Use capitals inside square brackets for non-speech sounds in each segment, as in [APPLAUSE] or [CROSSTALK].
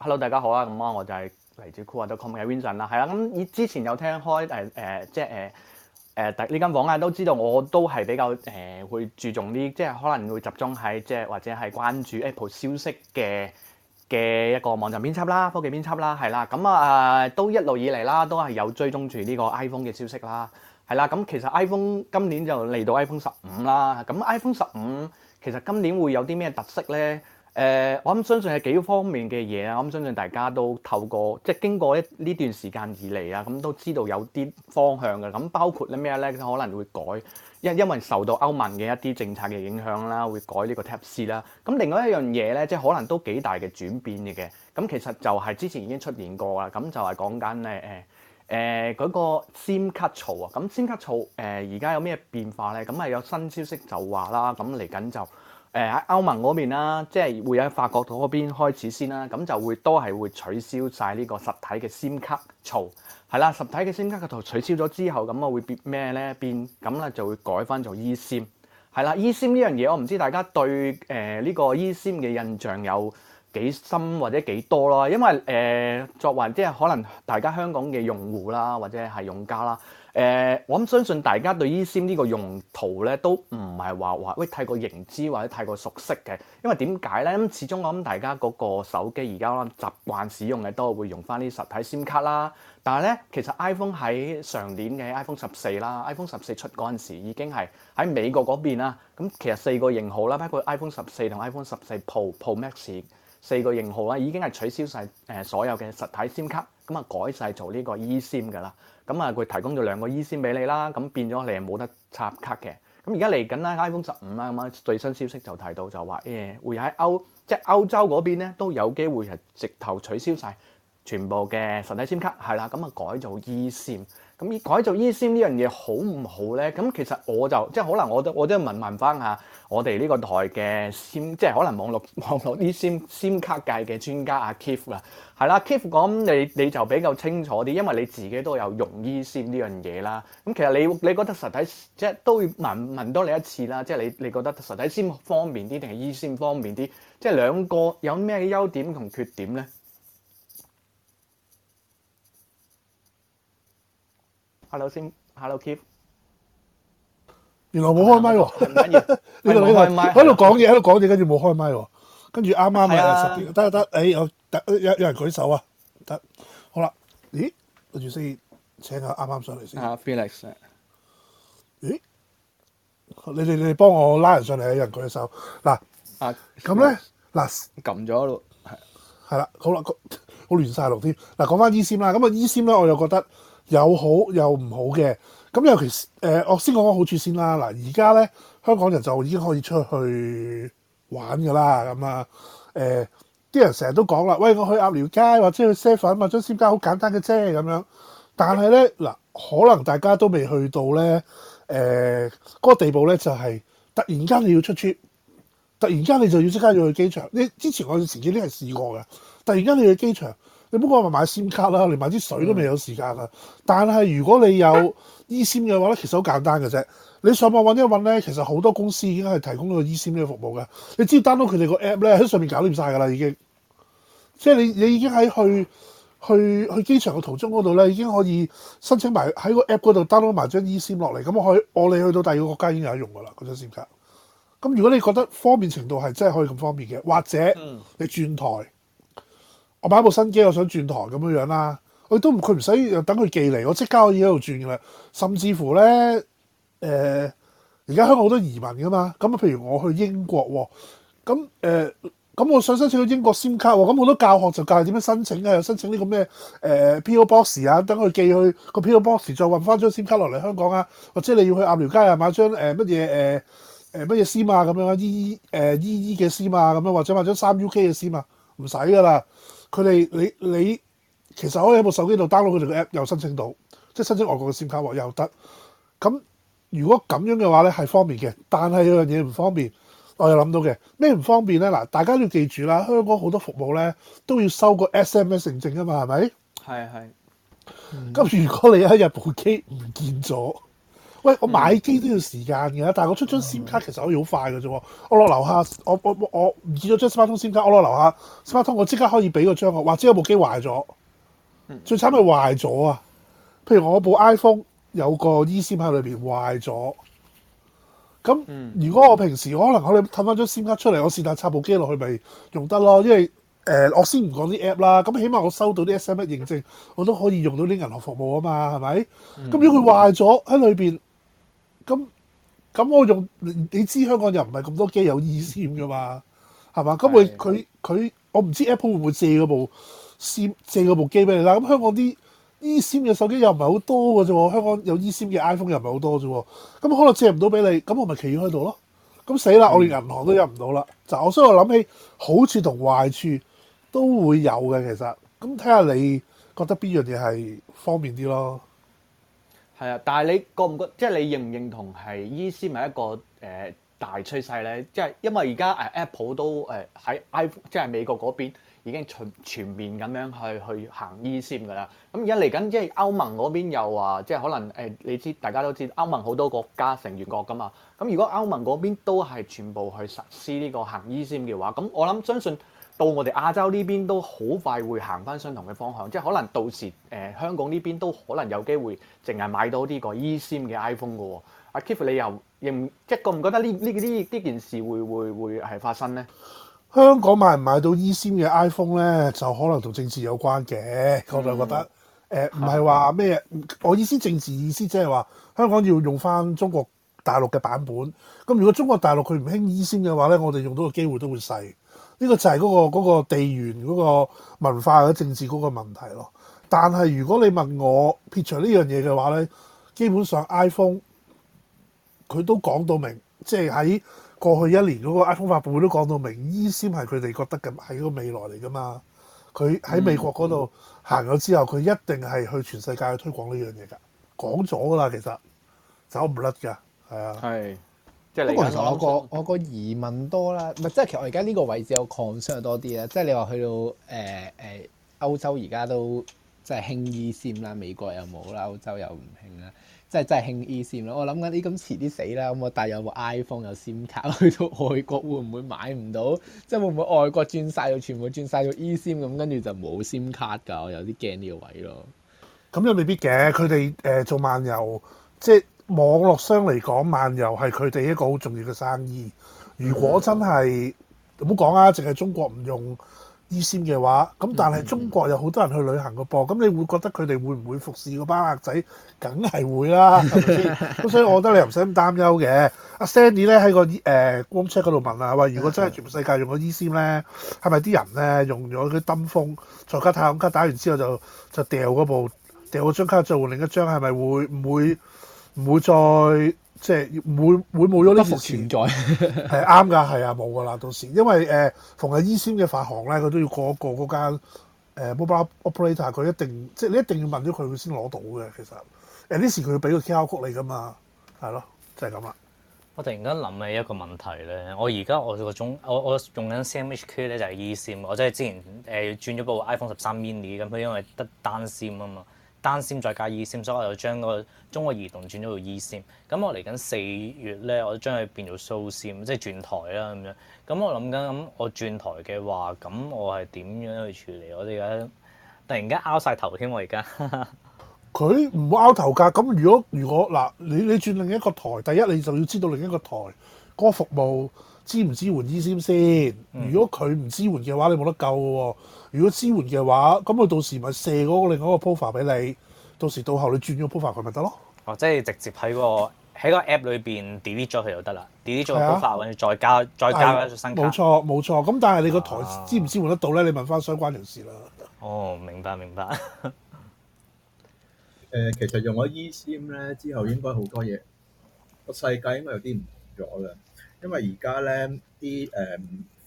Hello，大家好啊！咁啊，我就係嚟自酷華 .com 嘅 Vincent 啦。係啦，咁以之前有聽開誒誒、呃，即係誒誒呢間房啊，都知道我都係比較誒、呃、會注重啲，即係可能會集中喺即係或者係關注 Apple 消息嘅嘅一個網站編輯啦、科技編輯啦，係啦。咁、嗯、啊、呃、都一路以嚟啦，都係有追蹤住呢個 iPhone 嘅消息啦。係啦，咁其實 iPhone 今年就嚟到 iPhone 十五啦。咁 iPhone 十五其實今年會有啲咩特色咧？誒、呃，我諗相信係幾方面嘅嘢啊！我諗相信大家都透過即係經過呢呢段時間以嚟啊，咁都知道有啲方向嘅。咁包括啲咩咧？可能會改，因因為受到歐盟嘅一啲政策嘅影響啦，會改呢個 Type-C 啦。咁另外一樣嘢咧，即係可能都幾大嘅轉變嘅。咁其實就係之前已經出現過啦。咁就係講緊咧誒誒嗰個 SIM 卡槽啊。咁 SIM 卡槽誒而家有咩變化咧？咁係有新消息就話啦。咁嚟緊就。誒喺、呃、歐盟嗰邊啦，即係會喺法國嗰邊開始先啦，咁就會都係會取消晒呢個實體嘅 SIM 卡槽，係啦，實體嘅 SIM 卡個槽取消咗之後，咁啊會變咩咧？變咁咧就會改返做 eSIM，係啦，eSIM 呢樣嘢我唔知大家對誒呢、呃這個 eSIM 嘅印象有幾深或者幾多啦，因為誒、呃、作為即係可能大家香港嘅用戶啦，或者係用家啦。誒、呃，我諗相信大家對 eSIM 呢個用途咧都唔係話話喂太過認知或者太過熟悉嘅，因為點解咧？咁始終我諗大家嗰個手機而家啦，習慣使用嘅都會用翻啲實體 SIM 卡啦。但係咧，其實 iPhone 喺上年嘅 iPhone 十四啦、iPhone 十四出嗰陣時已經係喺美國嗰邊啦。咁其實四個型號啦，包括 iPhone 十四同 iPhone 十四 Pro Pro Max 四個型號啦，已經係取消晒誒所有嘅實體 SIM 卡，咁啊改晒做呢個 eSIM 噶啦。咁啊，佢提供咗兩個 E 線俾你啦，咁變咗你係冇得插卡嘅。咁而家嚟緊啦，iPhone 十五啦咁啊，最新消息就提到就話誒、欸，會喺歐即係歐洲嗰邊咧都有機會係直頭取消晒全部嘅實體簽卡，係啦，咁啊改做 E 線。咁改做 E 線呢樣嘢好唔好咧？咁其實我就即係可能我都我都問問翻下。我哋呢個台嘅 SIM，即係可能網絡網絡啲 SIM SIM 卡界嘅專家阿 Keith 啦，係啦，Keith 講，你你就比較清楚啲，因為你自己都有用 eSIM 呢樣嘢啦。咁其實你你覺得實體，即係都會問問多你一次啦，即係你你覺得實體 SIM 方便啲定係 eSIM 方便啲？即係兩個有咩優點同缺點咧？Hello 先，Hello Keith。原來冇開麥喎，喺度講嘢，喺度講嘢，跟住冇開麥喎，跟住啱啱咪得得，誒、這個，有有有人舉手啊，得 Yeah.，好啦，咦，不如先請個啱啱上嚟先，啊，Felix，咦，你你你，你，你幫我拉人上嚟，有人舉手，嗱，啊、uh,，咁咧，嗱，撳咗喺度，係，係啦，好啦，我亂晒路添，嗱，講翻 eSIM 啦，咁啊，eSIM 咧，我又覺得有好有唔好嘅。咁、嗯、尤其誒、呃，我先講個好處先啦。嗱，而家咧，香港人就已經可以出去玩㗎啦。咁啊，誒、呃，啲人成日都講啦，喂，我去鴨寮街或者去 seven 啊嘛，張 SIM 卡好簡單嘅啫咁樣。但係咧，嗱、呃，可能大家都未去到咧，誒、呃，嗰、那個地步咧就係、是、突然間你要出 trip，突然間你就要即刻要去機場。你之前我哋前幾年都係試過嘅，突然間你去機場。你不過咪買簽卡啦，連買啲水都未有時間啊！但係如果你有 e 簽嘅話咧，其實好簡單嘅啫。你上網揾一揾咧，其實好多公司已經係提供到 e 簽呢個服務嘅。你只要 download 佢哋個 app 咧，喺上面搞掂晒㗎啦，已經。即係你你已經喺去去去機場嘅途中嗰度咧，已經可以申請埋喺個 app 嗰度 download 埋張 e 簽落嚟，咁可以我哋去到第二個國家已經有用㗎啦，嗰張簽卡。咁如果你覺得方便程度係真係可以咁方便嘅，或者你轉台。我買部新機，我想轉台咁樣樣啦。佢都佢唔使又等佢寄嚟，我即刻可以喺度轉噶啦。甚至乎咧，誒、呃，而家香港好多移民噶嘛。咁譬如我去英國喎，咁、哦、誒，咁、呃、我想申請去英國 SIM 卡喎。咁、哦、好多教學就教你點樣申請啊，又申請呢個咩誒、呃、PO Box 啊，等佢寄去、個 PO Box，再運翻張 SIM 卡落嚟香港啊。或者你要去鴨寮街買、呃呃、啊買張誒乜嘢誒誒乜嘢 SIM 啊咁樣 E E 誒 E E 嘅 SIM 啊咁樣，或者買張3 UK 嘅 SIM 啊，唔使噶啦。佢哋你你其實可以喺部手機度 download 佢哋個 app，又申請到，即係申請外國嘅 SIM 卡又得。咁如果咁樣嘅話咧，係方便嘅。但係有樣嘢唔方便，我又諗到嘅。咩唔方便咧？嗱，大家要記住啦，香港好多服務咧都要收個 SMS 認證啊嘛，係咪？係係。咁、嗯、如果你有一日部機唔見咗？喂，我買機都要時間嘅，但係我出張 SIM 卡其實可以好快嘅啫。嗯、我落樓下，我我我唔見咗張 SIM 卡，我落樓下 SIM 卡，我即刻可以俾個張我。或者有部機壞咗，嗯、最慘係壞咗啊！譬如我部 iPhone 有個 eSIM 喺裏邊壞咗，咁如果我平時我可能我哋揼翻張 SIM 卡出嚟，我試下插部機落去咪用得咯。因為誒、呃，我先唔講啲 app 啦，咁起碼我收到啲 SMS 認證，我都可以用到啲銀行服務啊嘛，係咪？咁、嗯嗯、如果佢壞咗喺裏邊。咁咁我用你知香港又唔係咁多機有 ESIM 噶嘛，係嘛？咁佢佢佢我唔知 Apple 會唔會借嗰部 SIM 借嗰部機俾你啦。咁香港啲 E SIM 嘅手機又唔係好多嘅啫，香港有 E SIM 嘅 iPhone 又唔係好多啫。咁可能借唔到俾你，咁我咪企喺度咯。咁死啦，我連銀行都入唔到啦。嗯、就我所以我諗起，好處同壞處都會有嘅，其實。咁睇下你覺得邊樣嘢係方便啲咯？係啊，但係你覺唔覺，即係你認唔認同係 eSIM 咪一個誒、呃、大趨勢咧？即係因為而家誒 Apple 都誒喺 iPhone，即係美國嗰邊已經全全面咁樣去去行 eSIM 噶啦。咁而家嚟緊，即係歐盟嗰邊又話即係可能誒、呃，你知大家都知歐盟好多國家成員國噶嘛。咁如果歐盟嗰邊都係全部去實施呢個行 eSIM 嘅話，咁我諗相信。到我哋亞洲呢邊都好快會行翻相同嘅方向，即係可能到時誒、呃、香港呢邊都可能有機會淨係買到呢個 eSIM 嘅 iPhone 嘅喎。阿、哦啊、Kip，你又認即係覺唔覺得呢呢呢件事會會會係發生呢？香港買唔買到 eSIM 嘅 iPhone 呢，就可能同政治有關嘅。我就覺得誒唔係話咩，我意思政治意思即係話香港要用翻中國大陸嘅版本。咁如果中國大陸佢唔興 eSIM 嘅話呢，我哋用到嘅機會都會細。呢個就係嗰、嗰個嗰個地緣嗰、嗰個文化或者政治嗰個問題咯。但係如果你問我撇除呢樣嘢嘅話咧，基本上 iPhone 佢都講到明，即係喺過去一年嗰個 iPhone 發布會都講到明，eSIM 係佢哋覺得嘅係個未來嚟噶嘛。佢喺美國嗰度行咗之後，佢、嗯嗯、一定係去全世界去推廣呢樣嘢噶，講咗啦，其實走唔甩噶，係啊。不過不其實我個我個疑問多啦，唔係即係其實我而家呢個位置有 concern 多啲啦，即係你話去到誒誒、呃呃、歐洲而家都即係興 e sim 啦，美國又冇啦，歐洲又唔興啦，即係真係興 e sim 咯。我諗緊咦咁遲啲死啦，咁我但有部 iPhone 有，有 sim 卡，去到外國會唔會買唔到？即、就、係、是、會唔會外國轉晒到全部轉晒到 e sim 咁，跟住就冇 sim 卡㗎？我有啲驚呢個位咯。咁又未必嘅，佢哋誒做漫遊即係。網絡商嚟講，漫遊係佢哋一個好重要嘅生意。如果真係唔好講啊，淨係、mm hmm. 中國唔用 eSIM 嘅話，咁但係中國有好多人去旅行嘅噃。咁你會覺得佢哋會唔會服侍嗰班鴨仔？梗係會啦，係咪先？咁所以我覺得你唔使咁擔憂嘅。阿 Sandy 咧喺個誒 WhatsApp 嗰度問啊，話如果真係全世界用咗 eSIM 咧，係咪啲人咧用咗佢登封再加、太空卡打完之後就就掉嗰部，掉嗰張卡再換另一張，係咪會唔會？唔會再即係，會會冇咗呢幅存在係啱㗎，係啊冇㗎啦，到時因為誒同阿 e c m 嘅發行咧，佢都要過一過嗰間、呃、mobile operator，佢一定即係你一定要問咗佢，佢先攞到嘅。其實誒呢、呃、時佢要俾個 care 曲你㗎嘛，係咯，就係咁啦。我突然間諗起一個問題咧，我而家我個鐘，我我用緊 c m h q 咧就係、是、e s m 我即係之前誒、呃、轉咗部 iPhone 十三 mini 咁，佢因為得單 s m 啊嘛。單線再加 E 線，所以我又將個中國移動轉咗做 E 線。咁我嚟緊四月咧，我將佢變做數線，即係轉台啦咁樣。咁我諗緊，咁我轉台嘅話，咁我係點樣去處理？我哋而家突然間拗晒頭添，我而家佢唔會拗頭㗎。咁如果如果嗱，你你轉另一個台，第一你就要知道另一個台嗰個服務。支唔支援 eSIM 先？如果佢唔支援嘅話，你冇得救喎。如果支援嘅話，咁佢到時咪射嗰個另外一個 profile 俾你。到時到後你轉咗 profile 佢咪得咯。哦，即係直接喺個喺個 app 裏邊 delete 咗佢就得啦。delete 咗個 profile，跟住再加再加一張新卡。冇錯冇錯。咁但係你個台支唔支援得到咧？你問翻相關條事啦。哦，明白明白。誒， [LAUGHS] 其實用咗 eSIM 咧之後，應該好多嘢個世界應該有啲唔同咗嘅。因為而家咧啲誒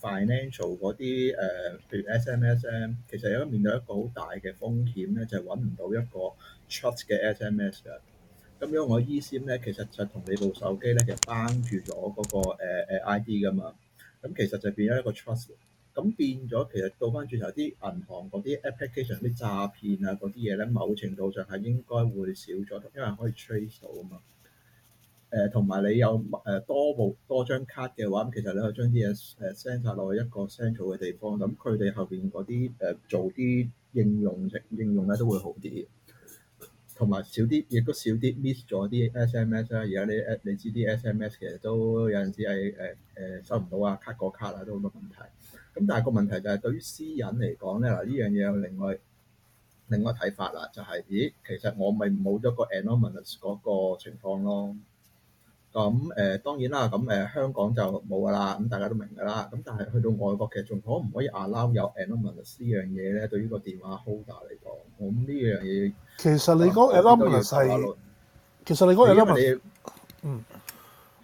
financial 嗰啲誒，譬、呃、如 SMSM，其實而家面對一個好大嘅風險咧，就係揾唔到一個 trust 嘅 SMS 嘅。咁因為我 ECM 咧，其實就同你部手機咧，其實綁住咗嗰個誒 ID 㗎嘛。咁其實就變咗一個 trust。咁變咗其實到翻轉頭啲銀行嗰啲 application 啲詐騙啊嗰啲嘢咧，某程度上係應該會少咗，因為可以 trace 到啊嘛。誒同埋你有誒多部多張卡嘅話，咁其實你可以將啲嘢誒 send 晒落一個 central 嘅地方，咁佢哋後邊嗰啲誒做啲應用嘅應用咧都會好啲。同埋少啲，亦都少啲 miss 咗啲 SMS 啦。而家啲你知啲 SMS 其實都有陣時係誒誒收唔到啊，卡個卡啊，都好多問題。咁但係個問題就係對於私隱嚟講咧，嗱，呢樣嘢有另外另外睇法啦，就係咦，其實我咪冇咗個 anonymous 嗰個情況咯。咁誒、嗯、當然啦，咁、嗯、誒香港就冇噶啦，咁大家都明噶啦。咁但係去到外國嘅，仲可唔可以 Allow 有 Anonymous、um、呢樣嘢咧？對於個電話 Holder 嚟講，咁呢樣嘢其實你講 Anonymous 係，其實你講 Anonymous，你 嗯，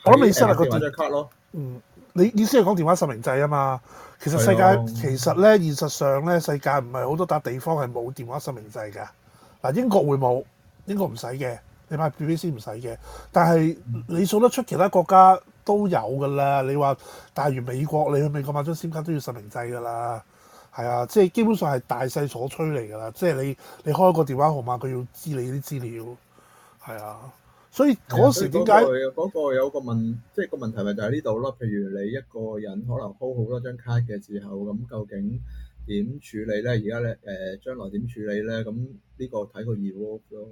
看 我未識啊個電話卡咯。嗯，你意思係講電話實名制啊嘛？其實世界的其實咧，嗯、現實上咧，世界唔係好多笪地方係冇電話實名制噶。嗱，英國會冇，英國唔使嘅。你買 BPS 唔使嘅，但係你數得出其他國家都有㗎啦。你話，大如美國，你去美國買張 SIM 卡都要實名制㗎啦。係啊，即係基本上係大勢所趨嚟㗎啦。即係你你開個電話號碼，佢要知你啲資料。係啊，所以嗰時點解嗰個有個問，即係個問題咪就係呢度咯？譬如你一個人可能開好多張卡嘅時候，咁究竟點處理咧？而家咧誒，將來點處理咧？咁呢個睇個 evolve 咯。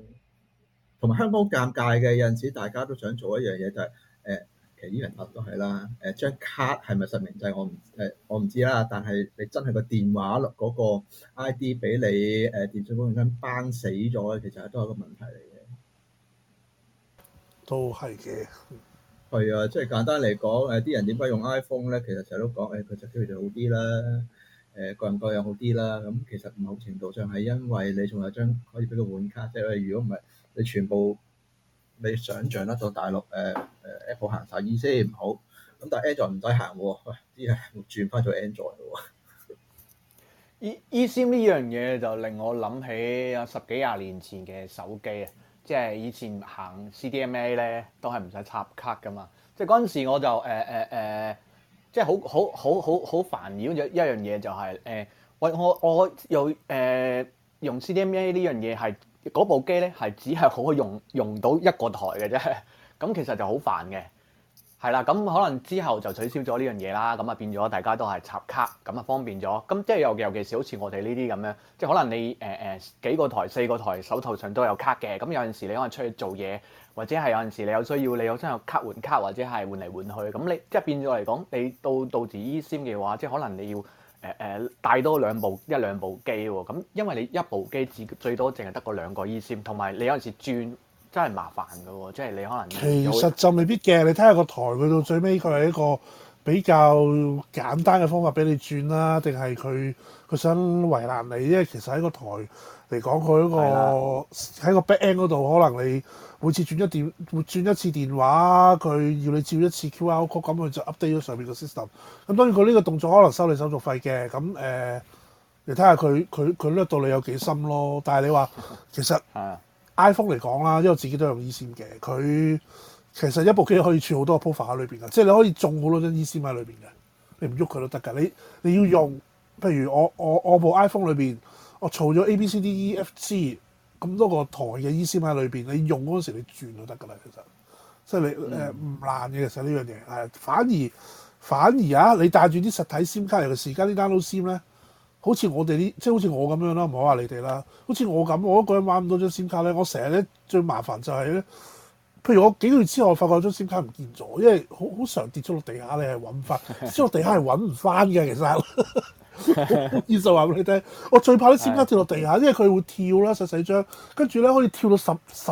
同埋香港好尷尬嘅有陣時，大家都想做一樣嘢，就是，就係誒，其實啲人話都係啦。誒、呃，張卡係咪實名制？我唔誒、呃，我唔知啦。但係你真係個電話落嗰個 ID 俾你誒、呃，電信公司跟班死咗，其實都係一個問題嚟嘅。都係嘅，係啊，即係簡單嚟講，誒、呃、啲人點解用 iPhone 咧？其實成日都講誒，佢質地好啲啦，誒、呃，各人各樣好啲啦。咁、嗯、其實某程度上係因為你仲有張可以俾佢換卡，即係如果唔係。你全部你想象得到大陸誒誒 Apple 行晒，eSIM 唔好，咁但係 Android 唔使行喎，啲、啊、人轉翻做 Android 喎、啊。E eSIM 呢樣嘢就令我諗起十幾廿年前嘅手機啊，即係以前行 CDMA 咧，都係唔使插卡噶嘛。即係嗰陣時我就誒誒誒，即係好好好好好煩擾。一一樣嘢就係、是、誒，喂、呃、我我又誒、呃、用 CDMA 呢樣嘢係。嗰部機咧係只係好用用到一個台嘅啫，咁其實就好煩嘅，係啦，咁可能之後就取消咗呢樣嘢啦，咁啊變咗大家都係插卡，咁啊方便咗，咁即係又尤其是好似我哋呢啲咁樣，即係可能你誒誒、呃、幾個台四個台手頭上都有卡嘅，咁有陣時你可能出去做嘢，或者係有陣時你有需要，你有真係卡換卡或者係換嚟換去，咁你即係變咗嚟講，你到到時 eSIM 嘅話，即係可能你要。誒誒帶多兩部一兩部機喎，咁因為你一部機只最多淨係得嗰兩個 eSIM，同埋你有陣時轉真係麻煩嘅喎，即係你可能其實就未必嘅，你睇下個台佢到最尾佢係一個比較簡單嘅方法俾你轉啦，定係佢佢想為難你？因為其實喺個台嚟講，佢一個喺個 back end 嗰度，可能你每次轉一電，轉一次電話，佢要你照一次 QR code，咁佢就 update 咗上面個 system。咁當然佢呢個動作可能收你手續費嘅。咁誒、呃，你睇下佢佢佢掠到你有幾深咯？但係你話其實的 iPhone 嚟講啦，因為我自己都用 eSIM 嘅，佢。其實一部機可以儲好多個 profile 喺裏邊嘅，即係你可以種好多張 eSIM 喺裏邊嘅，你唔喐佢都得㗎。你你要用，譬如我我我部 iPhone 裏邊，我儲咗 A、B、C、D、E、F、G 咁多個台嘅 eSIM 喺裏邊，你用嗰時你轉就得㗎啦。其實，即係你誒唔、嗯呃、難嘅。其實呢樣嘢，係反而反而啊！你帶住啲實體卡 SIM 卡嚟嘅時間，呢單都 SIM 咧，好似我哋啲即係好似我咁樣咯，唔好話你哋啦。好似我咁，我一個人玩咁多張 SIM 卡咧，我成日咧最麻煩就係、是、咧。譬如我幾個月之後，我發覺張閃卡唔見咗，因為好好常跌咗落地下，你係揾翻，跌落地下係揾唔翻嘅。其實，現實話俾 [LAUGHS] [LAUGHS] 你聽，我最怕啲閃卡跌落地下，因為佢會跳啦，細細張，跟住咧可以跳到十十，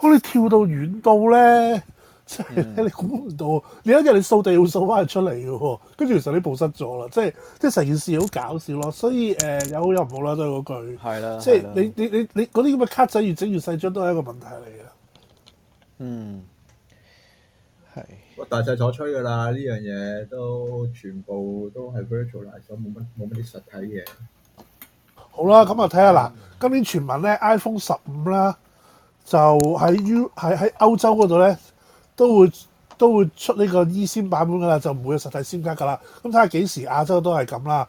可以跳到遠到咧，即係、嗯、你估唔到。你一日，你掃地會掃翻佢出嚟嘅喎，跟住其實你報失咗啦，即係即係成件事好搞笑咯。所以誒、呃，有好有唔好啦，都係嗰句，即係的你的你你你嗰啲咁嘅卡仔越整越細張，都係一個問題嚟。嗯，係，我大勢所趨噶啦，呢樣嘢都全部都係 virtual 嚟，所以冇乜冇乜啲實體嘅。好啦，咁啊睇下嗱，今年全民咧 iPhone 十五啦，就喺 U 喺喺歐洲嗰度咧，都會都會出呢個 E 先版本噶啦，就唔會有實體先得噶啦。咁睇下幾時亞洲都係咁啦。